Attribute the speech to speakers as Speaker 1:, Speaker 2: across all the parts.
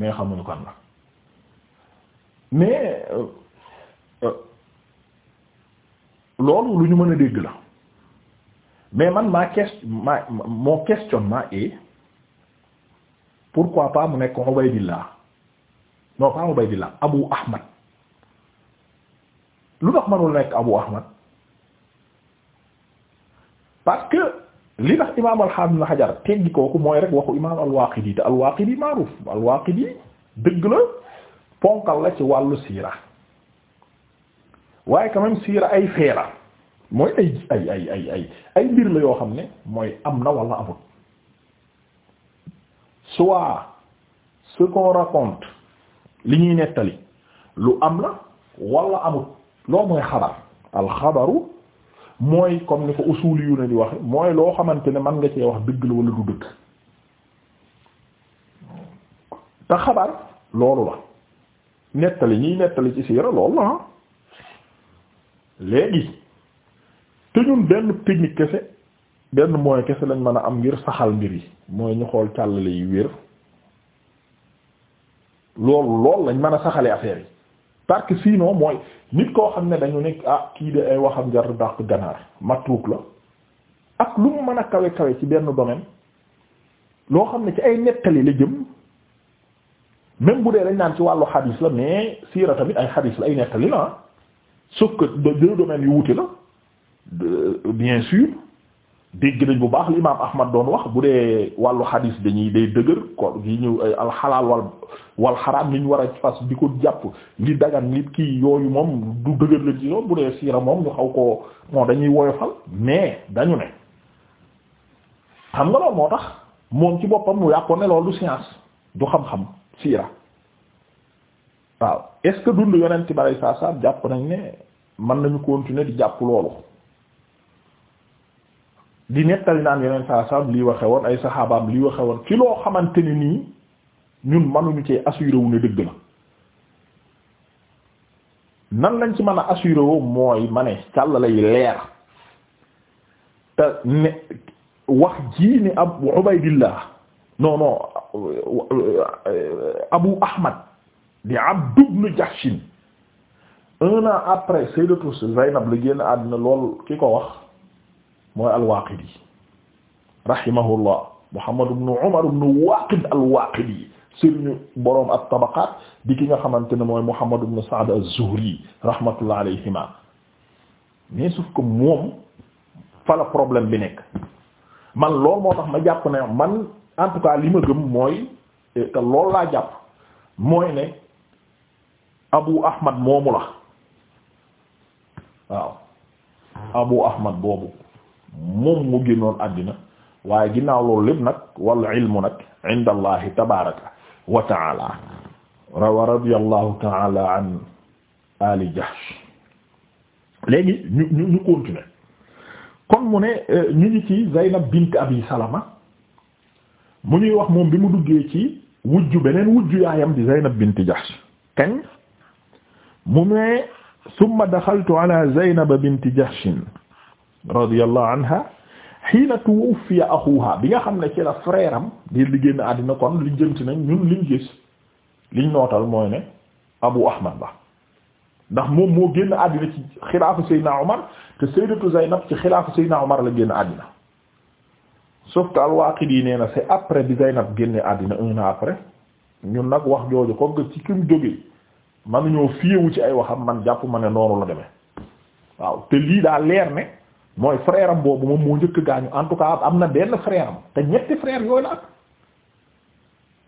Speaker 1: mais xamuñu kan la mais euh, euh, loolu lu ñu mën a dégg la mais man ma question ma mon questionnement est pourquoi pas mu nekk Ubaydillah non pas Ubaydillah Abu Ahmad lu tax mënul nekk Abu Ahmad parce que li tax imaam al-Hafiz Ibn teggi kooku mooy rek waxu imaam al-Waaqidi te al-Waaqidi maaruf al-Waaqidi dëgg la ponkal la ci wàllu siira waaye quand même siira ay feela mooy ay ay ay ay ay mbir la yoo xam ne mooy am na wala amut soit ce raconte li ñuy nettali lu am la wala amut loolu mooy xabar al-xabaru mooy comme ni ko usuli yu ne di wax mooy loo xamante ne man nga cee wax dëgg la wala du dëgg te xabar loolu la nettali ñiy nettali ci siira loolu la ah léegi te ñun benn technique kese benn mooy kese lañ mën a am ngir saxal mbir yi mooy ñu xool càllale yi wér loolu loolu lañ mën a saxalee affaire yi parce que sinon mooy nit koo xam ne dañu nekk ah kii de ay waxam jar dàq ganaar matruuk la ak lu mu mën a kawe kawe ci benn domaine loo xam ne ci ay nettali la jëm même bu dee dañ naan ci wàllu xadiis la mais siira tamit ay xadiis la ay nettali la sauf que deux domaines yu wuti la bien sûr dégg nañ bu baax li imaam Ahmad doon wax bu dee wàllu xadis dañuy day dëgër ko yi ñu alxalaal wal wal xaraam li ñu war a fas di ko jàpp li dagan li kii yooyu moom du dëgër la ci loolu bu dee siira moom ñu xaw ko moo dañuy woyofal mais dañu ne xam nga loolu moo tax moom ci boppam mu yàqoon ne loolu du science du xam-xam siira waaw est-ce que dund yonent bi sallallahu alayhi wasallam jàpp nañ ne mën nañu continuer di jàpp loolu di nettali naan yeneen saa saam lii waxe woon ay saxaabaam lii waxe woon ci loo xamante ni nii ñun mënuñu ci assuré wu ne dëgg la nan lañ ci mën a assuré wu mooy mane ne càll lay leer te ne wax jii ni ab Ubaydillah non non Abu Ahmad di Abd ibn Jahsh un an après Sayyidatu Zaynab la génn àddina lool ki ko wax mooy al-Waaqidi rahimahullah Muhammad ibn Umar ibn Waaqid al-Waaqidi boroom at-Tabaqaat di ki nga xamante ne mooy Muhammad ibn Sa'd az-Zuhri rahmatullah alayhima mais sauf que moom fa problème bi nekk man loolu moo tax ma jàpp ne man en li ma gëm mooy eh, te loolu laa jàpp mooy ne Abu Ahmad moomu la waaw Abu Ahmad boobu moom mu génnoon àddina waaye ginnaaw loolu lépp nag wal ilmu nag inda allahi tabaraka wa taala rawa radiyallahu taala an ali jahsh léegi ñu ñu ñu continuer kon mu ne euh, ñu ngi ci Zaynab bint Abi Salama mu ñuy wax moom bi mu duggee ci wujju beneen wujju yaayam di Zaynab bint Jahsh kañ mu ne summa daxaltu ala Zaynab bint Jahshin radiyallahu anha xiina tuwuffiya axuha bi nga xam ne ci la frère am di li génn àddina kon li jëmti nañ ñun liñ gis liñ nootal mooy ne Abu Ahmad la ndax moom moo génn àddina ci xilaafu Seydina Omar te Sayyidatu Zaynab ci xilaafu Seydina Omar la génn àddina sauf que al-Waaqidi nee na c'est après bi Zaynab génne àddina un an après ñun nag wax jooju comme que ci ki mu jógee mënuñoo fiyewu ci ay waxam man jàpp ma ne noonu la demee waaw te lii daa leer ne. mooy frère boobu moom moo njëkk gaañu en tout cas am na benn frère am te ñetti frère yooyu la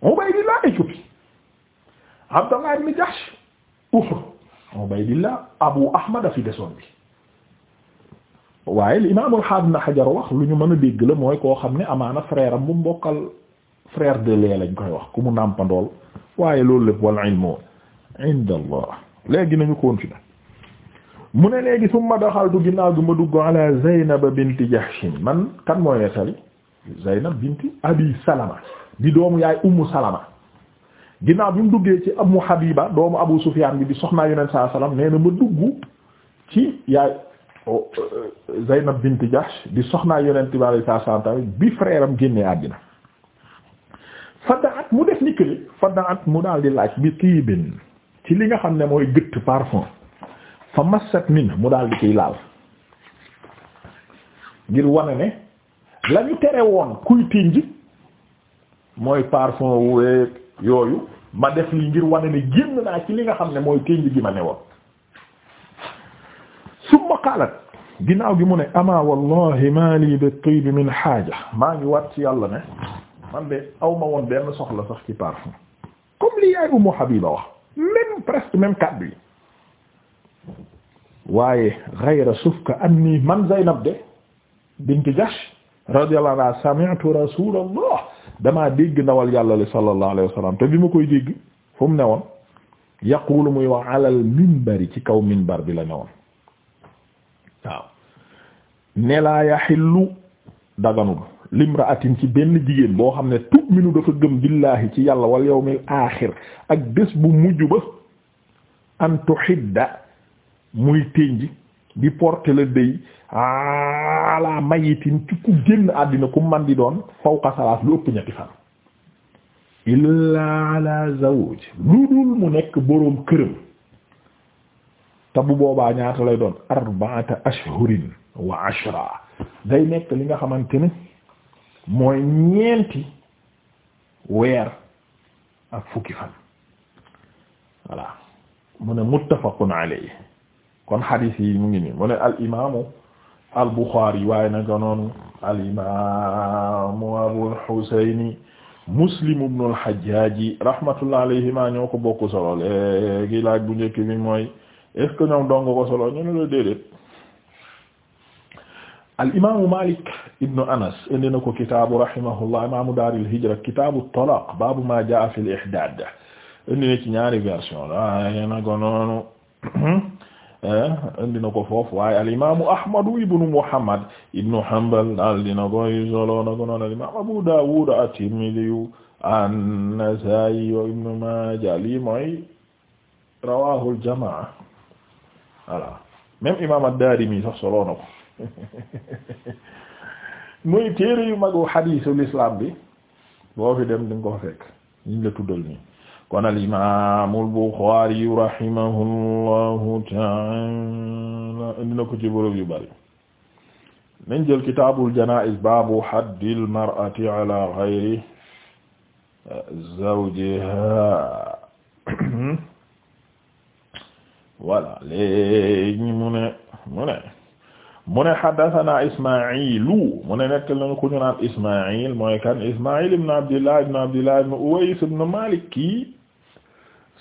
Speaker 1: am Ubaydillah Éthiopie Abdallah ibn Jahsh Uhud Ubaydillah Abu Ahmad fi desoon bi waaye li imaam al-Haafiz Ibn Hajar wax lu ñu mën a dégg la mooy koo xam ne amaana frère bu mbokkal bokkal frère de lait lañ koy wax ku mu nàmpandool waaye loolu lépp wal ilmu inda léegi nañu continuer mu ne léegi summa daxaltu ginnaaw bi ma dugg ala Zaynab binti Jahshin man kan mooy nettali Zaynab binti Abi Salama di doomu yaay Ummu Salama ginnaaw bi mu duggee ci Ummu Habiba doomu Abu Sufyaan bi di soxnaa Yonent saa salaam nee ma dugg ci yaay oh, euh, Zaynab binti Jahsh di soxnaa Yonent bi saa salaam tamit bi frère am àddina fadaat mu def ni kële fadaat mu daal di laaj bi tiibin ci li nga xam ne mooy gëtt fa massat min mu daal di ciy laal ngir wane ne la ñu tere woon kuy tinj mooy parfum wuweeg yooyu ma def li ngir wane ne génn naa ci li nga xam ne mooy tinj gi ma ne woon summa qalat ginnaaw gi mu ne ama wallahi ma li bi tib min xaaja maa ngi waat ci yàlla ne man de aw ma woon benn soxla sax ci parfum comme li yaay Ummu Habiba wax même presque même kàddu yi waaye ghayra sufka anni man Zaynab de bint Jahsh radiyallahu anha sami'tu rasulallah damaa dégg ndawal yàlla li sallallahu alayhi wa sallam te bi ma koy dégg fu mu ne woon yaqulu muy wax alal minbari ci kaw minbar bi la ne woon waaw ne laa yaxillu daganul limraatin ci benn jigéen boo xam ne tu'minu dafa gëm billaahi ci yàlla wal yawmil aaxir ak bés bu mujj ba an tuhidda muy ténj di la le deuil ala mayitin ci ku génn àddina ku man di doon fawqa salaas lu ëpp ñetti fan illa ala zawj lu dul mu nekk boroom këram te bu boobaa ñaata lay doon arba'ata ashhurin wa ashra day nekk li nga xamante ne mooy ñeenti weer ak fukki fan voilà mu ne muttafaqun alayhi kon hadith yi mu ngi nii mu ne al imaamu al Muslim ibn al Hajjaji rahmatullah ñoo ko bokk solo léegi laaj bu njëkk mi mooy est-ce ñoom dong ko solo ñu ne la déedéet al Malik ibn Anas indi na ko kitaabu rahimahullah imaamu daaril hijra kitaabu talaaq baabu maa jaa'a fil ihdaad indi ci ñaari version la naka Eh? indi na ko foofu waaye al imaamu ahmadu ibnu muhammad ibnu hanbal daal dina koy solo na ko noon al abu daawud at-tirmidhi an wa ibnu maaja lii mooy rawaahul jamaa voilà même imaam ad-daarimi solo na ko muy téere yu magu xadiisu l'islam bi boo fi dem dinga ko fekk ñu la tuddal nii kon al imaam al Buxaari rahimahullahu ta'ala indi na ko ci bërëb yu bari nañ jël kitaabul janaa'iz baabu haddil mar'ati ala ghayri zawjiha voilà léegi mu ne mu ne mu ne haddasanaa Ismaa'iilu mu ne nekk lañu ko ñu naan Ismaa'iil mooy kan Ismaa'iil ibn Abdillah ibn Abdillah ibn Uways ibn Maalik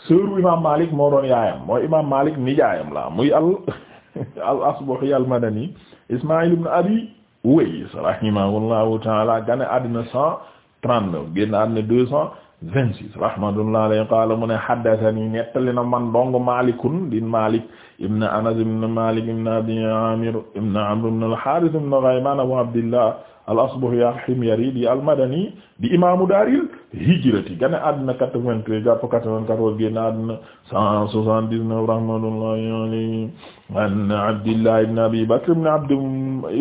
Speaker 1: sœuru imam Malik moo doon yaayam mooy imam Malik nijaayam la muy al al Asbahi al Madani Ismaïl ibn Abi Uways rahimahullahu ta'ala gane àddina cent trente-neuf génn àddina deux cent vingt-six rahmatullah alayhi qala mu ne haddathani nettali na man dong Malikun di Malik ibn Anas ibn Malik ibn Abi Amir ibn Amr ibn al-Harith Ghayman Abu Abdillah al asbahi al himyari di al madani di imaamu daaril hijrati gane àddina 93 jàpp 94 génn àddina 179 rahmatullahi alayhi an abdillah ibn abi bakr ibn abd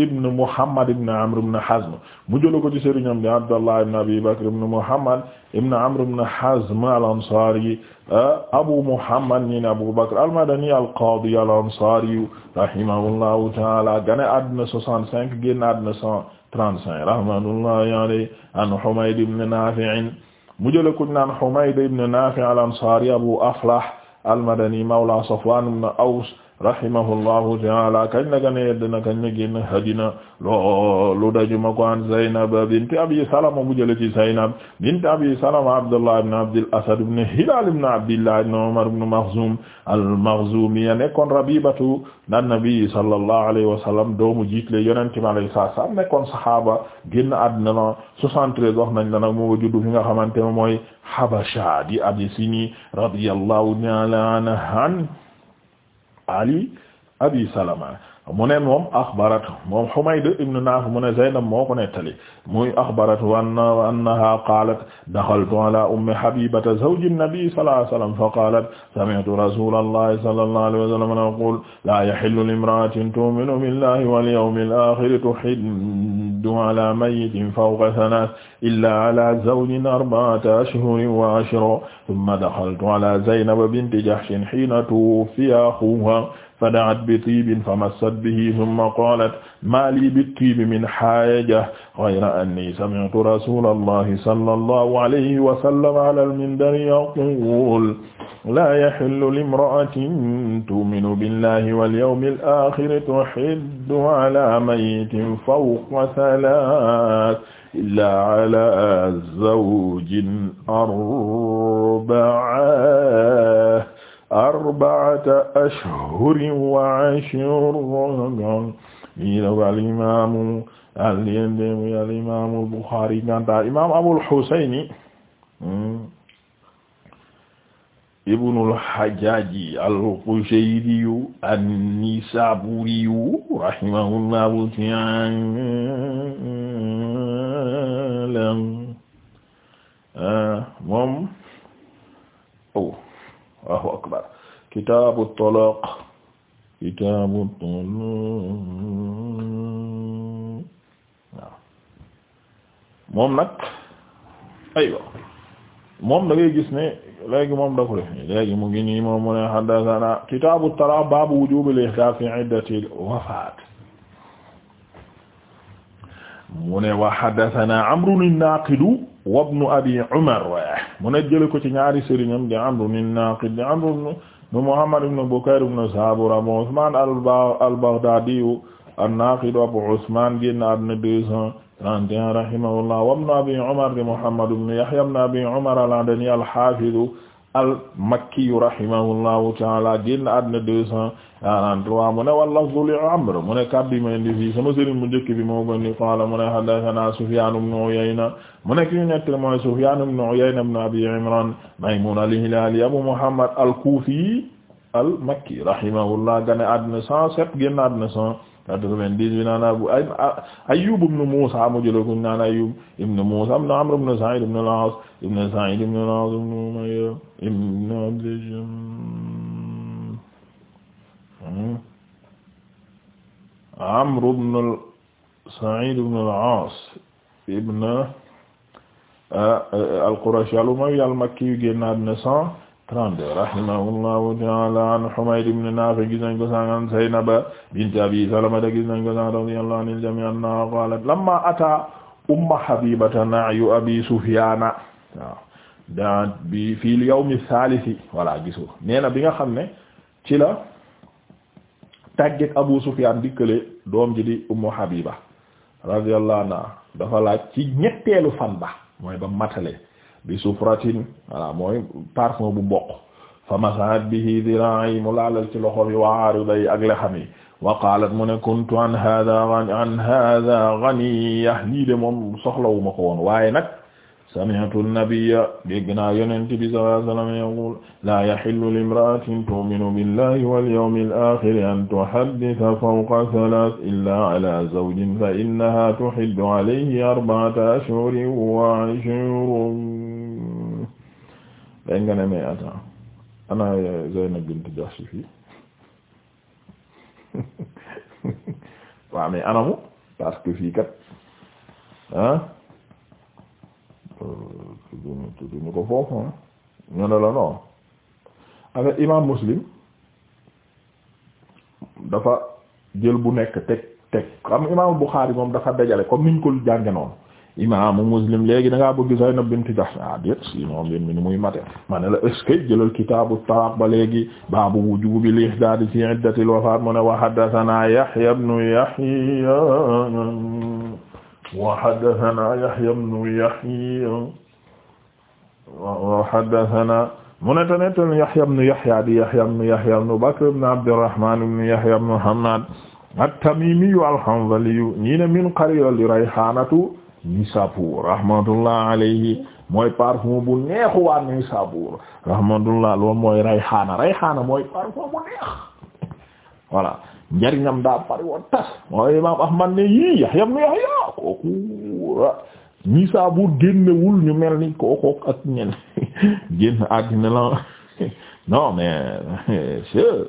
Speaker 1: ibn muhammad ibn amr ibn hazm mu jël ko ci sëriñam di abdallah ibn abi bakr ibn muhammad ibn amr ibn hazm al ansari ah, abu muhammad ni abu bakr al madani al qadi al ansari rahimahullahu ta'ala gane àddina 65 génn àddina 100 35 rahmatullahi alayhi an Humayd ibn Nafi' mu jële kuñ naan Humayd ibn Nafi' al-Ansari Abu Aflah al-Madani mawla Safwan ibn Aws rahimahullahu ta'ala kañ la gën a yeddina kañ la génn hadina loolu dajuma ko an Zaynab bint Abi Salama bu jële ci Zaynab bint Abi Salama Abdullah ibn Abdil Asad ibn Hilal ibn Abdillah ibn Umar ibn Makhzum al-Makhzumiyya nekkoon rabibatu an-nabi sallallahu alayhi wa sallam doomu jiitle yonente mi alayhi salaam nekkoon saxaaba génn àddina la 73 wax nañ la nag moo juddu fi nga xamante ne mooy Habasha di Abyssinie radiyallahu ta'ala anha ali abi salama mu ne moom axbarat moom Humayd ibn Nafi mu ne Zaynab moo ko nettali muy axbarat wa annaha qaalat daxaltu ala ummi Habibata zawji an-nabi sallallahu alayhi wa sallam fa qaalat sami'tu rasulallahi sallallahu alayhi wa sallam yaqul la yahillu limra'atin tu'minu billahi wal yawmil akhir tuhiddu ala mayyitin fawqa thalath illa ala zawjin arba'ata ashhurin wa ashra thumma daxaltu ala Zaynab binti Jahshin hina tuwuffiya akhuha fada'at bi tiibin famassat bihi thumma qaalat maa lii bit-tiibi min haaja ghayra annii sami'tu rasuulallahi sallallahu alayhi wa sallam ala al-minbari yaquulu laa yahillu limra'atin tu'minu billahi wal yawmil aakhiri tuhiddu ala mayyitin fawqa thalaathin illaa ala zawjin arba'atin arba'ata ashhurin wa ashran nii la ko al imaamu al yendemu al imaamu al Buxaari ganta imaam Abul Husayni hmm, ibnul Hajjaaji al Qushayriyu an-Nisaaburiyu rahimahullahu ta'aala ah, moom Allahu akbar kitaabu talaaq kitaabu talaaq waaw moom nag aywa moom da ngay gis ne léegi moom da ko def léegi mu ngi nii moom mu ne haddathana kitaabu talaaq baabu wujuubil ihdaar fi iddatil wafaat mu ne wa haddathana Amrun an-Naaqid wa ibnu Abi Umar mu ne jële ko ci ñaari sëriñam di Amr ibn Naqid di Amr ibn Muhammad ibn Bukayr ibn Sabur Abu Usman al-Baghdadi an-Naqid Abu Usman génn àdduna deux cent trente et un rahimahullah wa ibn Abi Umar di Muhammad ibn Yahya ibn Abi Umar al-Adani al-Hafiz al-Makki rahimahullahu ta'ala génn àdduna deux cent 43 mu ne wal lafdu li Amr mu ne kaddu yi ma indi fii sama sëriñ bu njëkk bi moo gën ni qaala mu ne haddathana Sufyaan ibn Uyayna mu nekk ñu nekk mooy Sufyaan ibn Uyayna ibn Abi Imraan Maymuun al-Hilaali Abu Muhammad al-Kuufi al-Makki rahimahullah gane àddina 107 génn àddina 198 naan Abu Ayyuub ibn Muusaa mu jël ko naan Ayyuub ibn Muusaa ibn Amr ibn Sa'iid ibn al-Aas ibn Sa'iid ibn al-Aas ibn Umayya ibn Abd al-Jamm Amr ibn Sa'id ibn al-As ibn euh, euh, al-Qurashi al-Umayyi al-Makki génn àddina 132 rahimahullahu ta'ala an Humayd ibn Nafi' gis nañ ko sànq an Zaynab bint Abi Salama gis nañ ko sànq radiyallahu anil jami' annaha qalat lamma ata umma Habibata na'yu Abi Sufyana waaw daat bi fii l yawmi thalith voilà gisu nee na bi nga xam ne ci la tàggeeg Abu Sufyaan dikkale doom ji di Ummu Habiba radiyallahu anha dafa laaj ci ñetteelu fan ba mooy ba matale bi sufratin voilà mooy parfum bu mboq fa masaat bihi dira'i mu ci loxo bi wa aariday ak lexam mu ne kuntu an hadha an lii de moom soxlawuma ko woon sami'tu nabiyya dégg naa yonent bi sallallahu alayhi wa sallam yaqul laa yahillu limra'atin tu'minu billahi wal yawmil aakhiri an tuhadditha fawqa thalath illaa ala zawjin fa innaha tuhiddu alayhi arba'ata ashhurin wa 'ashran day nga ne mais attends ana Zaynab bint Jahsh fi waaw mais anamu parce que fii kat ah tuddu ñu ko foofu ah. ñu la non avec imam muslim dafa jël bu nekk teg teg xam imaamu Bukhari moom dafa dajale comme niñ ko jànge noonu imaamu muslim léegi da ngaa bëgg Zaynab bint Jahsh ah déet si moom yéen mi ni muy mate ma ne la est jëlal kitaabu talaaq ba léegi baabu wujuubi lihdaadi fi iddatil wafaat mu ne wa Yahya ibnu Yahya wa haddathana Yahya ibn Yahya wa haddathana mu ne te nettali Yahya ibn Yahya di Yahya ibn Yahya ibn Bakr ibn Abdurrahman ibn Yahya ibn Hammad at-Tamimi al-Hanzali ñi ne min qarya li rayhanatu Nisapur rahmatullah alayhi mooy parfum bu neexu waa Nisapur rahmatullah loolu mooy rayhana rayhana mooy parfum bu neex voilà njariñam daa bari woon tas mooy imaam Ahmad ne yii Yahya ibn Yahya kooku Nisaabuur ah, génnewul ñu mel ni kooku ak ñen génn àddina la non mais c'est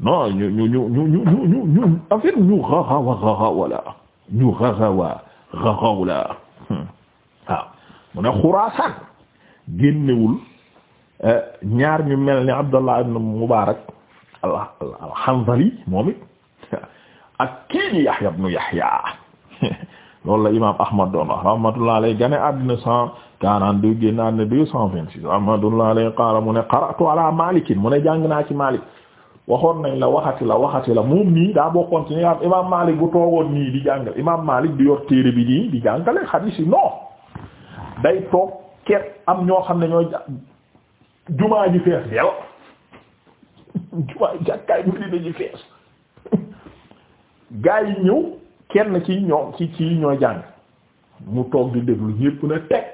Speaker 1: non ñu ñu ñu ñu ñu ñu ñu affaire ñu xaxawa xaxawa la ñu xaxawa xaxaw la waaw mu ne Xuraasaan génnewul eh, ñaar ñu mel ni Abdallah ibn Mubaarak al al Hanzali moom it ak kii di Yahya ibn Yahya loolu la imaam Ahmad doon wax rahmatullah alayhi gane àddina cent quarante-deux génn àddina deux cent vingt-six rahmatullah alayhi mu ne qara'tu ala Malik mu ne jàng naa ci Malik waxoon nañ la waxati la waxati la moom nii daa bokkoon ci ñi nga imaam Malik bu toogoon nii di jàngal imaam Malik di yor téere bi nii di jàngale xadiis si non day toog ker am ñoo xam ne ñooy jumaa ji fees del jumaa ji fees gaa yi ñëw kenn ci ñoom ci ci ñooy jàng mu toog di déglu ñépp na teg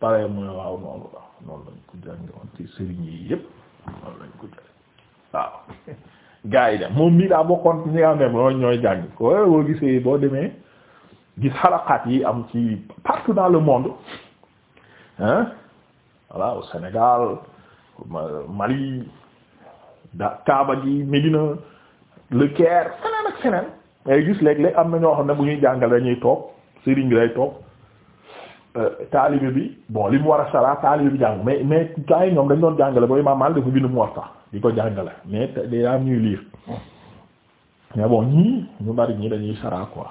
Speaker 1: pare mu waaw noonu la noonu lañ ko jàng woon ci sëriñ yi yépp noonu lañ ko jàng waaw gaa yi dem moom mii daa bokkoon ñi nga boo gisee boo demee gis xalaqaat yi am ci partout dans le monde hein voilà au Sénégal Mali da Kaaba gi Médina le Caire feneen ak feneen ngay gis léeg-léeg am na ñoo xam ne bu ñuy jàngale dañuy toog sëriñ bi day toog euh, taalibe bi bon li mu war a sara taalibe bi jàng mais mais gaa ñoom dañ doon jàngale ba Imaam Maalik dafa bind mu tax di ko jàngale mais day am ñuy liir mais bon ñii ñu bari ñii dañuy sara quoi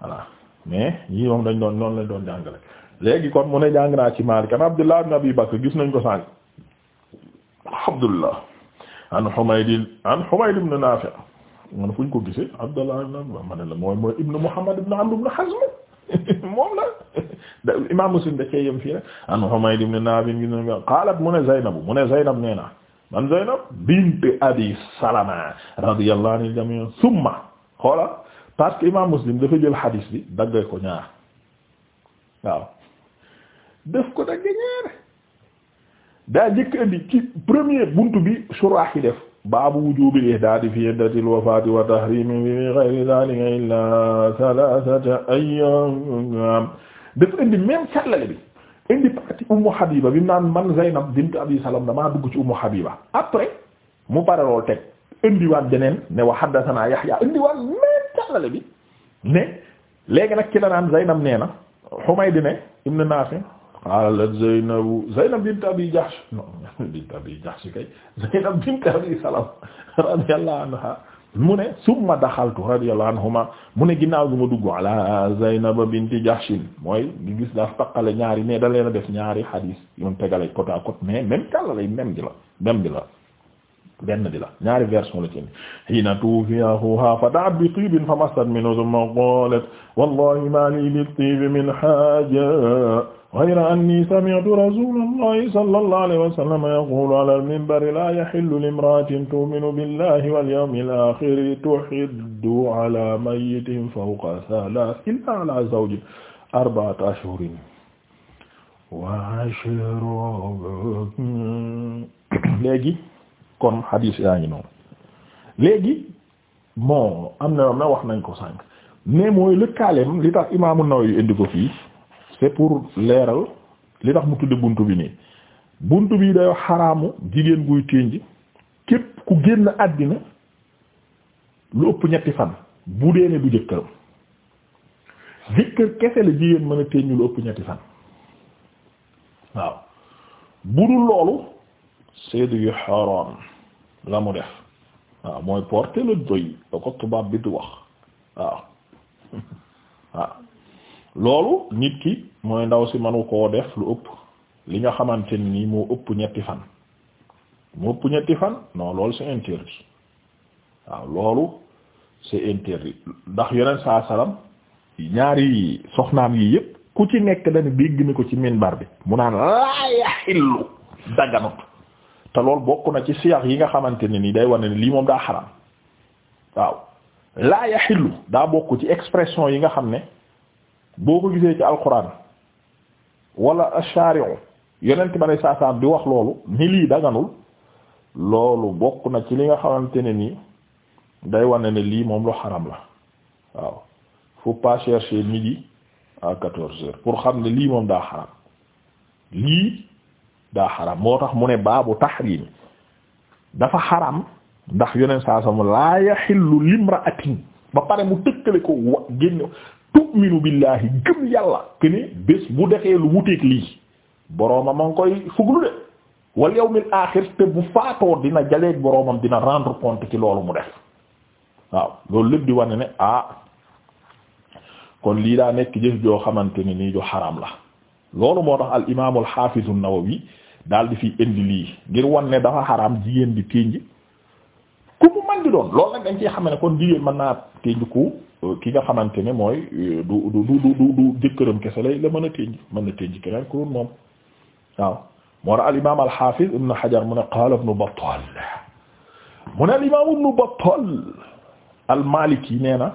Speaker 1: voilà mais ñii moom dañ doon noonu lañ doon jàngale léegi kon mu ne jàng naa ci Maalik kan Abdullah ibn Abi Bakr gis nañ ko sànq alhamdulillah an Humayd an Humayd ibn Nafi' man fu ñu ko gisee Abdallah ibn Amr ma ne la mooy mooy Ibn Muhammad ibn Amr ibn Hazm moom la Imam Muslim da cee yem fii rek an Humayd ibn Nafi' qaalat mu ne Zaynab mu ne Zaynab nee na man Zaynab bint Abi Salama radiyallahu anil jami' summa xoola parce que Imam Muslim dafa jël hadith bi daggee ko ñaar waaw def ko daggee ñaar daa njëkk indi ci premier buntu bi suraax yi def baabu wujubil ihdaadi fi iddatil wafaati wa tahrimi bi ghayri dhalika illaa thalathata ayyam dafa indi même càllale bi indi partie ummu habiba bi mu naan man Zaynab bint abi salam damaa dugg ci ummu habiba après mu pare lool teg indiwaat beneen ne wa a yahya indiwaat même càllale bi ne léegi nag ki la naan Zaynab nee na Humayd ne ibn qalat Zeynabu Zeynab bint Abi Jahsh non bint Abi Jahsh kay Zeynab bint Abi Salama radiyallahu anha mu ne summa daxaltu radiyallahu anhuma mu ne ginnaaw gi ma dugg ala Zeynab bint Jahsh mooy di gis daaf taqale ñaari mais da leen a def ñaari hadis yoon tegale côte à côte mais même kàlla lay même bi la même bi la benn bi la ñaari version la ci indi hiina tuufiya axuha fada'at bi tibin fa massat minhu thumma qalat wallahi ma li bi tibi min haja ghayra anni sami'tu rasulallahi sallallahu alayhi wa sallam yaqulu ala al-minbari la yahillu limra'atin tu'minu billahi wal yawmil akhir tuhiddu ala mayyitin fawqa thalath illa ala zawjin arba'ati ashhurin wa ashrin léegi kon hadis yaa ngi noonu léegi bon am na am na wax nañ ko sànq mais mooy lëkkaaleem li tax imaamu Nawawi indi ko fii c'est pour leeral li tax mu tudde buntu bi nii buntu bi day xaraamu jigéen guy ténj képp ku génn àddina lu ëpp ñetti fan bu dee ne du jëkkëram jëkkër kese la jigéen mën a ténj lu ëpp ñetti fan waaw bu dul loolu seede yu xaram la mu def waaw mooy porter le deuil da ko tubaab bi du wax waaw waaw loolu nit ki mooy ndaw si manu koo def lu ëpp li nga xamante ne nii moo ëpp ñetti fan moo ëpp ñetti fan non loolu c'est interdit waaw loolu c'est interdit ndax yeneen saa salaam ñaari soxnaam yi yëpp ku ci nekk dañu dégg na ko ci minbar bi mu naan laa yaxillu daganut te loolu bokk na ci siyax yi nga xamante ne nii day wane ne lii moom daa xaram waaw laa yaxillu daa bokk ci expression yi nga xam ne. boo ko gisee ci alquran wala ashari'u yonent ba ne saasaam di wax loolu ni lii daganul loolu bokk na ci li nga xamante ne nii day wane ne lii moom lu xaram la waaw faut pas chercher midi à quatorze heures pour xam ne lii moom daa xaram lii daa xaram moo tax mu ne baabu tahrim dafa xaram ndax yonent saasaam laa yaxillu limra'atin ba pare mu tëkkale ko wa génn tu'minu billahi gëm yàlla que bés bu defee lu wuteeg lii boroomam a ngi koy fuglu de wal yawmil aaxir te bu faatoo dina jaleeg boroomam dina rendre compte ci loolu mu def waaw loolu lépp di wane ne ah kon lii daa nekk jëf joo xamante ne nii ju xaram la loolu moo tax al imaamul xaafizu Nawawi daal di fi indi lii ngir wan dafa xaram jigéen di ténj ku mu man di doon loolu nag dañ ciy xam ne kon jigéen mën naa tënku euh, ki nga xamante ne mooy euh, du du du du du jëkkëram kese la la mën a tënj mën na tënj keneen ku dul moom waaw moo tax al imaam al xaafiz ibn mu ne qaala ibn Battal mu ne al imaam ibn Battal al Maliki nee na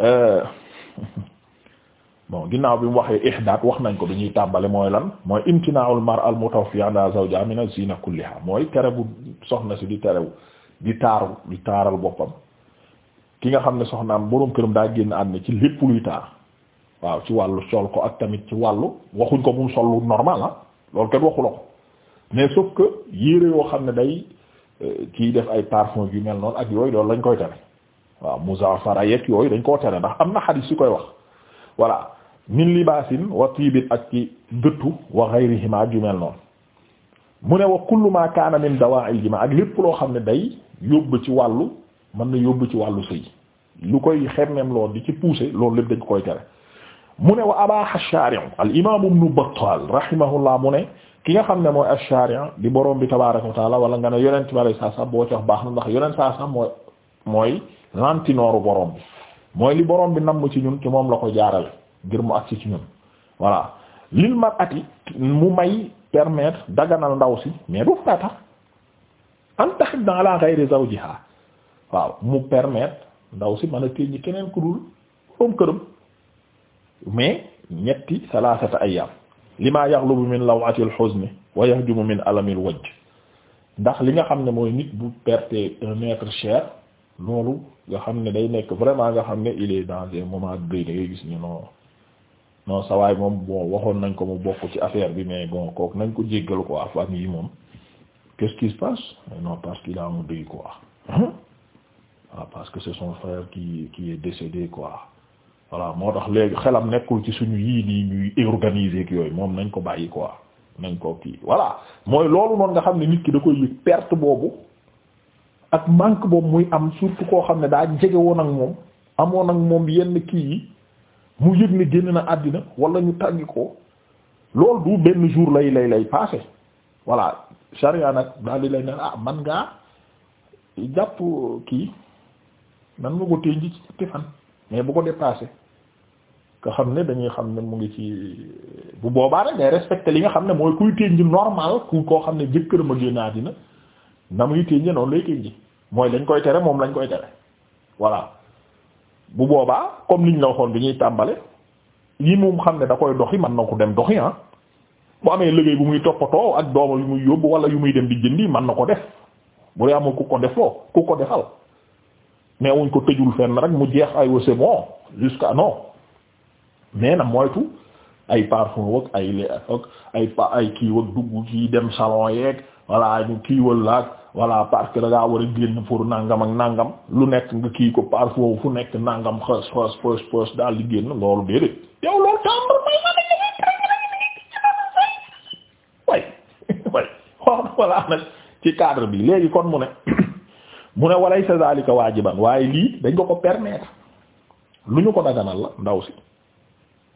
Speaker 1: euh, bon ginnaaw bi mu waxee ihdaat wax nañ ko bi ñuy tàmbali mooy lan mooy imtinaa'ul mar'a al mutawaffiya 'ala zawjiha min az-zina kulliha mooy terewu soxna si di terewu di taaru di taaral boppam ki nga xam ne soxnaam boroom këram daa génn àddina ci lépp luy taar waaw ci wàllu sol ko ak tamit ci wàllu waxuñ ko bu mu sol lu normal ah loolu kenn waxu la ko mais sauf que yére yoo xam ne day euh, kiy def ay parfum yu mel noonu ak yooyu loolu lañ koy tere waaw muzaafara yeeg yooyu dañ koo tere ndax am na xadiis yu koy wax voilà min libaasin wa tiibin ak ci dëttu wa ghayrihima yu mel noonu mu ne wax kullu ma kaana min dawaa'il jima ak lépp loo xam ne day yóbbu ci wàllu mën na yóbbu ci wàllu sëy lu koy xemmeem lool di ci pousser lool lépp dañ koy tere mu ne wa abaaha shari'u al imam ibn Battal rahimahullah mu ne ki nga xam ne mooy ash-shari' di boroom bi tabaaraka wa taala wala nga ne yonent bi alayhi salaam boo ci wax baax na ndax yonent saa sax mooy mooy lantinooru borom bi mooy li borom bi namm ci ñun ci moom la ko jaarale ngir mu agsi ci ñun voilà lil mar'ati mu may permettre daganal ndaw si mais an tahidda ala ghayri zawjiha waaw mu permettre ndaw si mën a téye keneen ku dul borom këram mais ñetti salasata ayyam lima yaghlubu min lawati al-huzn wa yahjumu min alami al-wajh ndax li nga xam ne mooy nit bu perte un être cher loolu nga xam ne day nekk vraiment nga xam ne il est dans un moment de da ngay gis ñu non sawaay moom bon waxoon nañ ko mu bokk ci affaire bi mais bon nañ ko jéggal ko affaire yi moom qu'est-ce qui se passe non parce qu'il a un deuil quoi hein? Ah, parce que c'est son frère qui qui est décédé quoi voilà moo tax léegi xelam nekkul ci suñu yii nii ñuy organiser yooyu moom nañ ko bàyyi quoi nañ ko kii voilà mooy loolu noonu nga xam ne nit ki da koy yëg perte boobu ak manque boobu muy am surtout koo xam ne daa jege woon ak moom amoon ak moom yenn kii yi mu yëg ne génn na àddina wala ñu tàggi ko loolu du benn jour lay lay lay passé voilà sharia nag daal di lay ne ah man ngaa jàpp kii man nga ko téye ci ci fan mais bu ko dépassé nga xam ne dañuy xam ne mu ngi ci bu boobaa rek ngay respecté li nga xam ne mooy kuy téye normal ku koo xam ne jëkkëram a génn àddina na muy téye noonu lay téye mooy lañ koy tere moom lañ koy tere voilà bu boobaa comme liñ la waxoon bi ñuy tàmbale lii moom xam ne da koy doxi man na ko dem doxi ah. bu amee liggéey bu muy toppatoo ak doomal yu muy yóbbu wala yu muy dem di jëndi man na ko def bu dee amul ku ko defloo ku ko defal mais wuñ ko tëjul fenn rek mu jeex ay c'est bon jusqu'à non mais na moytu ay parfum wag ay l ak ay pa ay dugg ci dem salon yeeg voilà ñu kiiwal laag voilà parce que da ngaa war a génn pour nangam ak nangam lu nekk nga kii ko parfum fu nekk nangam xës xës pës pës daal di génn loolu déedéet yow loolu tàmbali may voilà nag ci cadre bi léegi kon mu ne mu ne walay sa zalika waajiban waaye lii dañ ko ko permettre lu ñu ko daganal la ndaw si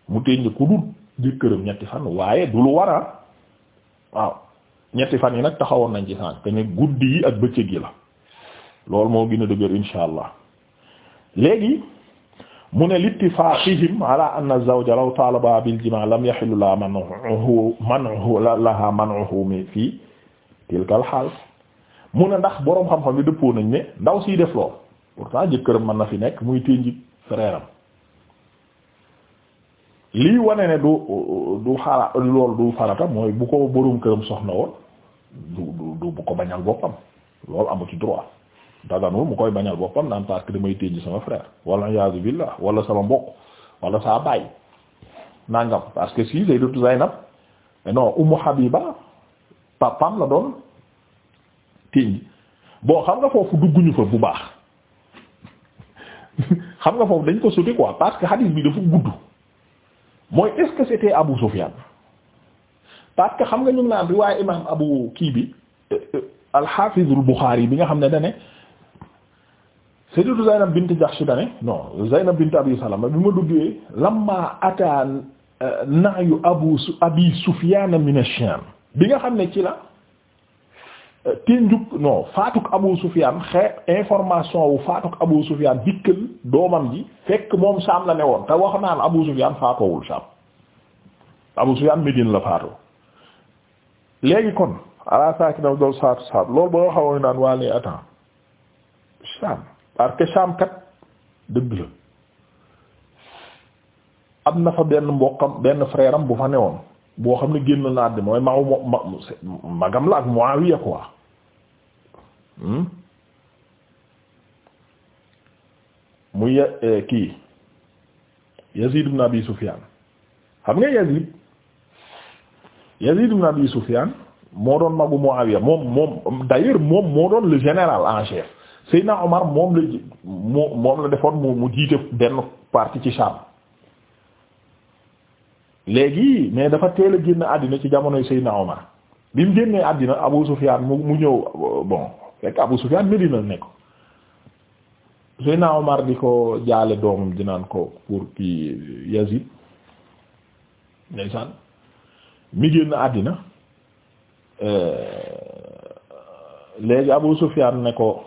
Speaker 1: mu teñ ku dul jëkkëram ñetti fan waaye du lu wara waaw ñetti fan yi nag taxawoon nañ ci sànq te ne guddi yi ak bëccëg yi la loolu moo gin a dëgër insha allah léegi mu ne littifaaqihim ala anna zawja law ba bil jima' lam yahillu la man'uhu man'uhu laha man'uhu mi fii tilkal xaal mu ne ndax boroom xam-xam yi dëppoo nañ ne ndaw siy def lool pourtant jëkkëram man na fi nekk muy ténji frère am lii wane ne du du xala lool du farata mooy bu ko boroom këram soxna woon du du bu ko bañal boppam lool amu ci droit daganul mu koy bañal boppam naan parce que damay ténji sama frère wala iyaazu billah wala sama mbokk wala saa baay nangam parce que si Sayyidatu Zaynab eh non Ummu Habiba papam la doon ténj bon xam nga foofu dugguñu fa bu baax xam nga foofu dañ ko sauté quoi parce que hadith bi dafa gudd mooy est-ce Abu Sufyan parce xam nga ñu ngi naan riwaaya imam Abu kii bi euh, euh, al-Hafiz al-Bukhari bi nga xam ne dane sayyidatu Zaynab bint Jahsh dane non Zaynab bint Abi Salama bi ma duggee lamma ata euh, na'yu Abu Abi Sufyan min ash bi nga xam ne ci la tinjuk euh, non faatuk Abu Sufyaan xe information wu faatuk Abu Sufyaan dikkal doomam ji fekk moom Saam la ne woon te wax naan Abu Sufyaan faatoowul Saam Abu Sufyaan Médine la faatoo léegi kon ala saaki daf saatu saab loolu ba nga xaw naan waa les attend Saam parce Saam kat dëgg la am na fa benn mbokkam benn frère am bu fa newoon boo xam ne génn na àddina mooy maw ma magam la ak Muawiya quoi hmm? muy eh, kii Yazid ibn Abi Sufyan xam nga Yazid Yazid ibn Abi Sufyan moo doon magu Muawiya moom moom d'ailleurs moom moo doon le général en chef Seydina Omar moom la moom la defoon mu mu jiite benn parti ci Sham léegi mais dafa teel a génn àddina ci jamonoy Seydina Omar bi mu génnee àddina Abu Sufyaan mu ñëw bon fekk Abu Sufyaan Medina nekk Seydina Omar di ko jaale doomam di naan ko pour kii Yazid ndeysaan mi génn àddina euh, léegi Abu Sufyaan ne ko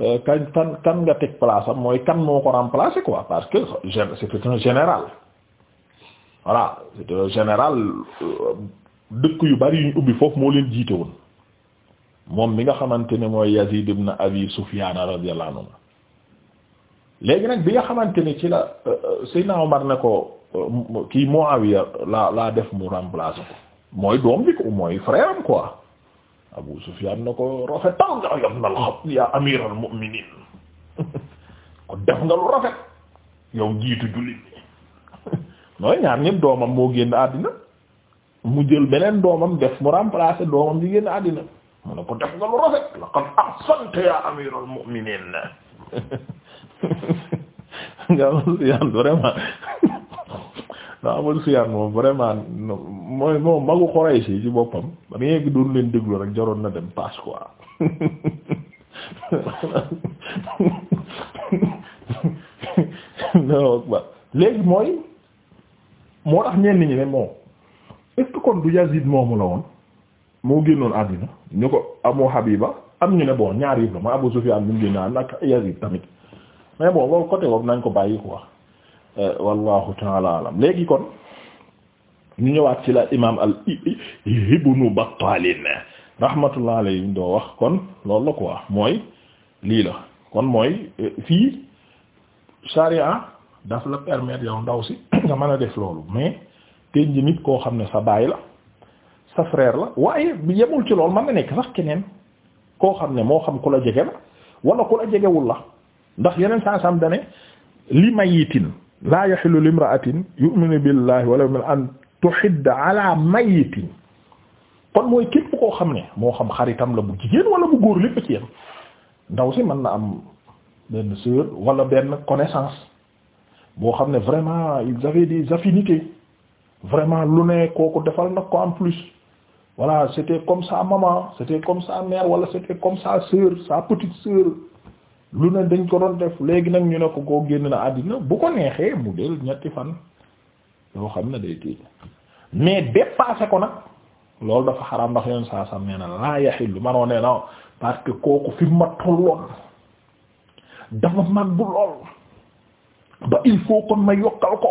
Speaker 1: euh, kan kan kan nga teg place am mooy kan moo ko remplacer ko parce que c'est un général voilà général euh, dëkk yu bari yu ubbi foofu moo leen jiite moom mi nga xamante ne mooy Yazid ibn Abi Sufyan radiyallahu anhu léegi nag bi nga xamante ne ci la euh, euh, Seydina Omar ne ko kii Muawiya laa laa def mu remplacer ko mooy doom bi ko mooy frère am quoi Abu Sufyan na ko rafetal nga ibn al-Khattab ya amir al-mu'minin ko def nga lu rafet yow jiitu jullit mooy ñaar ñëpp doomam moo génn àddina mu jël beneen doomam def mu remplacer doomam ji génn àddina mu ne ko def nga lu rafet laqad ahsanta ya amirul mu'minin nga amul siyaan vraiment nga amul siyaan moom vraiment mooy moom magu Quraysh ci boppam ba gi doon leen déglu rek jaroon na dem passe léegi mooy moo tax ñenn ñi ne moom est du Yazid moomu la woon moo génnoon àddina ñu ko amoo Habiba am ñu ne bon ñaar yëpp la mooy Abu Sufyan bi mu génne àddina ak Yazid tamit mais bon loolu côté boobu nañ ko bàyyi ko quoi euh, wallahu taala alam léegi kon ñu ñëwaat ci la imam al Ibnu Battal rahmatullah alayhi doo wax kon loolu la wax mooy lii la kon mooy euh, fii charia daf la permettre yow ndaw si nga mën a def loolu mais ten ji nit koo xam ne sa baay la sa frère la waaye yemul ci loolu mën na nekk sax keneen koo xam ne moo xam ku la jege la wala ku la jegewul la ndax yeneen saa sam dane li mayitin laa yaxilu limraatin yu'minu billahi wala min an tuhidda ala mayitin kon mooy képp koo xam ne moo xam xaritam la bu jigéen wala bu góor lépp ci yem ndaw si mën na am benn sœur wala benn connaissance boo xam ne vraiment ils avaient des affinités vraiment lu ne kooku defal nag ko en plus voilà c'était comme sa maman c'était comme sa mère wala c'était comme sa sœur sa petite sœur lu ne dañ ko doon def léegi nag ñu ne ko koo génn na àddina bu ko neexee mu del ñetti fan yoo xam ne day téye mais dépassé ko nag loolu dafa xaraam ndax yoon saa sam na laa yaxillu manoo nee na parce que kooku fi ma tolloon dafa mag bu lool ba il faut kon ma yokkal ko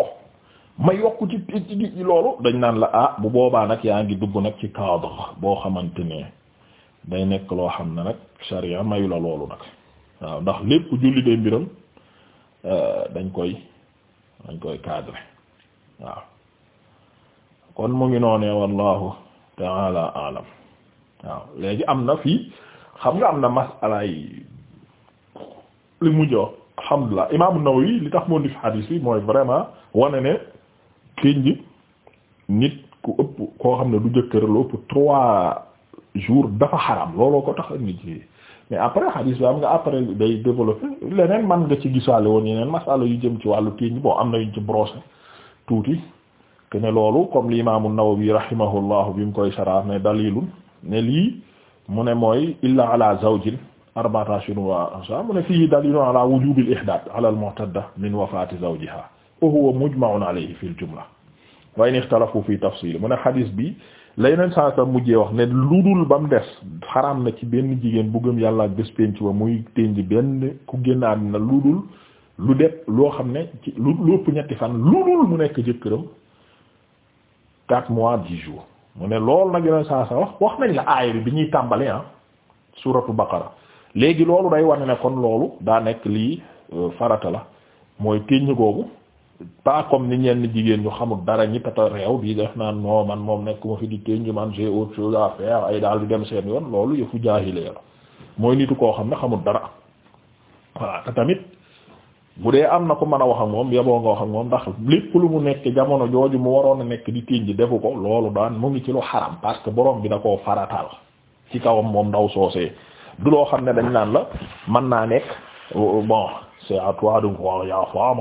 Speaker 1: ma yokk ci ci loolu dañ naan la ah bu boobaa nag yaa ngi dugg nag ci cadre boo xamante ne day nekk loo xam ne nag sharia mayu la loolu nag waaw ndax lépp julli de mbiram euh, dañ koy dañ koy cadre waaw kon mu ngi noonee wallahu ta'ala alam waaw léegi am na fii xam nga am na masalaay li mujjoo alhamdulilah imaamu Nawawi li tax moo di fi xadiis bi mooy vraiment wane ne kiñ ji nit ku ëpp koo xam ne du jëkkër lu ëpp trois jours dafa xaram looloo ko tax nit ji mais après xadiis bi am nga après day développer leneen man nga ci gisaale woon yeneen masala yu jëm ci wàllu kiñ bon am na yuñ ci brosser tuuti que ne loolu comme li imaamu Nawawi rahimahullah bi mu koy saraaf ne dalilun ne lii mu ne mooy illa ala zawjin arba'ata ashhurin wa ashra mu ne fiihi daliilun ala wujuubi al-ihdaad ala al-mu'tadda min wafaati zawjihaa wa huwa mujma'un alayhi jumla wa ixtalafu fi tafsiil mu ne xadis bi lay neen saa sa mujjee wax ne lu dul ba mu des xaraam na ci benn jigéen bu gëm yàlla ak bés penc ba muy tënj benn ku génn am lu dul lu def loo xam ne ci lu ëpp ñetti fan lu dul mu nekk jëkkëram mois dix jours mu ne lool nag yeneen saa sa wax wax nañ la aaya bi bi ñuy tàmbali ah suratu baqara léegi loolu day wane ne kon loolu daa nekk lii euh, farata la mooy téññ googu pas comme ni ñenn jigéen ñu xamul dara ñi tata réew di def naa non man moom nekk ma fi di téññ man j'ai autre chose à ay daal di dem seen yoon loolu yëfu jaahilee la mooy nitu koo xam ne xamul dara voilà te tamit bu dee am na ko man a wax ak moom yaboo nga wax ak moom ndax lépp lu mu nekk jamono jooju mu waroon a nekk di téññ defu ko loolu daan mu ngi ci lu xaram parce que borom bi koo farataal ci kawam moom ndaw soosee du loo xam ne dañ naan la mën naa nekk bon c'est à toi de voir ya waaw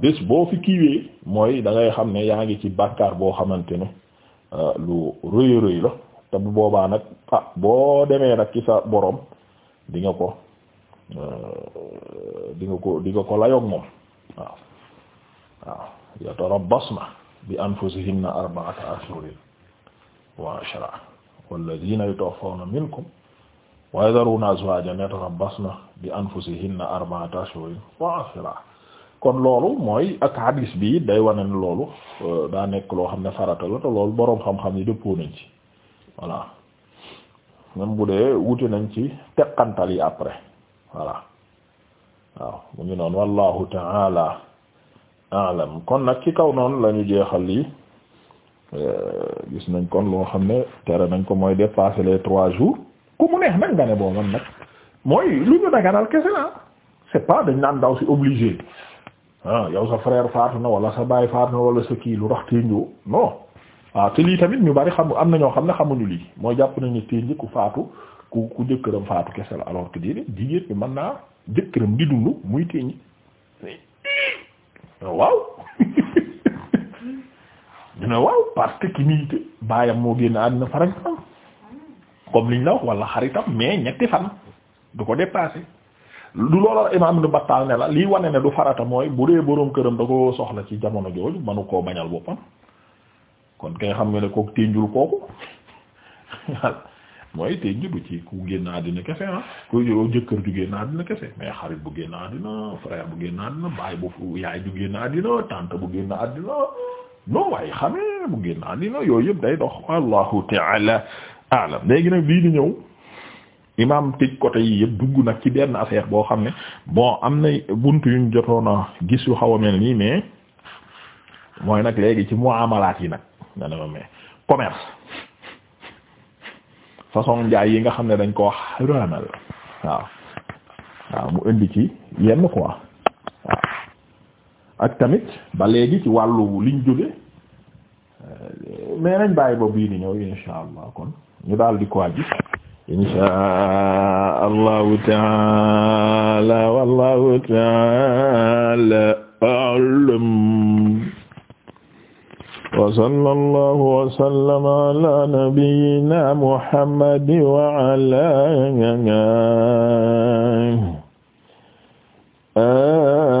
Speaker 1: bés boo fi kiiwee mooy da ngay xam ne yaa ngi ci bàkkaar boo xamante ne euh, lu rëy rëy la te bu boobaa nag ah boo demee nag ci sa boroom di ko euh, di ko di nga ko layoog moom waaw waaw yatarabbasna bi anfusihinna arba'ata ashhurin wa ashra walladhina yutawaffawna minkum wa yadharuna azwajan yatarabasna bi anfusihinna arba'ata ashhurin wa ashra kon loolu mooy ak hadis bi day wane ne loolu euh, daa nekk loo xam ne farata la te loolu boroom xam-xam yi dëppoo nañ ci voilà même bu dee wute nañ ci teqantal yi après waaw mu ngi noonu wallahu ta'ala a'lam kon nag ci kaw noonu la jeexal lii Euh, gis nañ kon loo xam ne tere nañ ko mooy dépasser les trois jours ku mu neex nag nga ne boo man nag mooy lu ñu daganal kese la c'est pas dañ naan daw si obligé ah yow sa frère faatu na wala sa baay faatu na wala sa kii lu rax téenjoo non waaw ah, te lii tamit ñu bari xam am na ñoo xam ne xamuñu lii mooy jàpp nañu téenji ku faatu ku ku jëkkëram faatu kese la alors que déedéet jigéen bi mën naa jëkkëram di dund muy téenji waaw ñu ne waaw parce que ki muy baayam moo génn àddina par exemple comme liñ la wax wala xaritam mais ñetti fan du ko dépassé du loolal imam Ibn Battal ne la lii wane ne du farata mooy bu dee boroom këram da ko soxla ci jamono jooju manu koo bañal boppam kon kay xam nga ne kooku ténjul kooku mooy ténju du ci ku génn àddina kese ah ku jëkkër ju génn àddina kese mais xarit bu génn àddina frère bu génn àddina baay bu yaay ju génn àddina tante bu génn àddina non waaye xamee bu génn àddina yooyu yëpp day dox wallahu ta'ala a'lam léegi nag bii di ñëw imam tëj côté yi yëpp dugg nag ci benn affaire boo xam ne bon am na bunt yuñ jotoon a gis yu xaw mel nii mais mooy nag léegi ci muamalaat yi nag nga ne ma mais commerce façon njaay yi nga xam ne dañ koo xaraamal waaw waaw mu indi ci yenn quoi ak tamit ba léegi ci wàllu liñ jóge mais ba bii di ñëw insha allah kon ñu daal di ko aji insha allahu taala wallahu taala a'lam wa sallallahu wa sallama ala muhammad wa ala